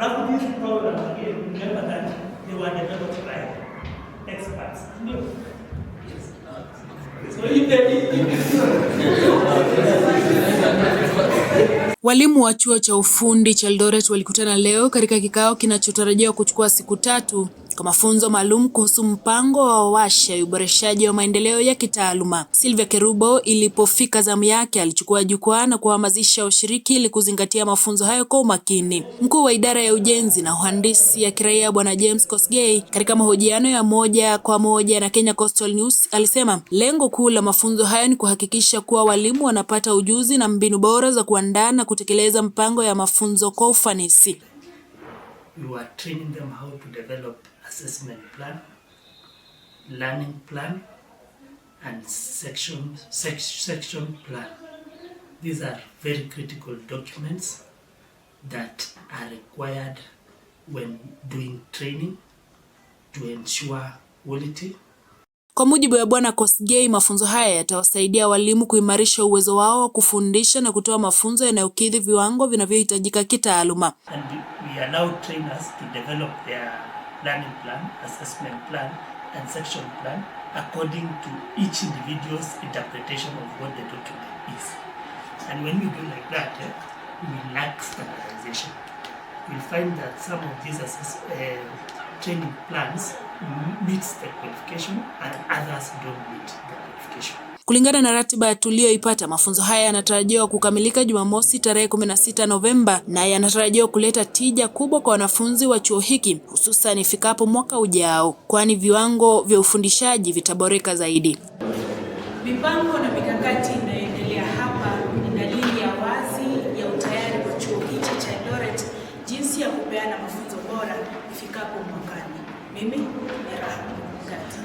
Alafu hizi problems again, remember that they were developed by experts. No. Yes. So if Walimu wa chuo cha ufundi cha Eldoret walikutana leo katika kikao kinachotarajiwa kuchukua siku tatu kwa mafunzo maalum kuhusu mpango wa washa ya uboreshaji wa maendeleo ya kitaaluma. Silvia Kerubo ilipofika zamu yake, alichukua jukwaa na kuhamasisha washiriki ili kuzingatia mafunzo hayo kwa umakini. Mkuu wa idara ya ujenzi na uhandisi ya kiraia Bwana James Kosgei, katika mahojiano ya moja kwa moja na Kenya Coastal News, alisema lengo kuu la mafunzo hayo ni kuhakikisha kuwa walimu wanapata ujuzi na mbinu bora za kuandaa na kutekeleza mpango ya mafunzo kwa ufanisi we are training them how to develop assessment plan, learning plan, and section, sec section plan. These are very critical documents that are required when doing training to ensure quality kwa mujibu wa Bwana Kosgei, mafunzo haya yatawasaidia walimu kuimarisha uwezo wao wa kufundisha na kutoa mafunzo yanayokidhi viwango vinavyohitajika kitaaluma you'll find that some of these uh, training plans meets the qualification and others don't meet the qualification. Kulingana na ratiba tuliyoipata, mafunzo haya yanatarajiwa kukamilika Jumamosi tarehe 16 Novemba na yanatarajiwa kuleta tija kubwa kwa wanafunzi wa chuo hiki hususan ifikapo mwaka ujao, kwani viwango vya ufundishaji vitaboreka zaidi. Mipango na mikakati mimi ni Raha.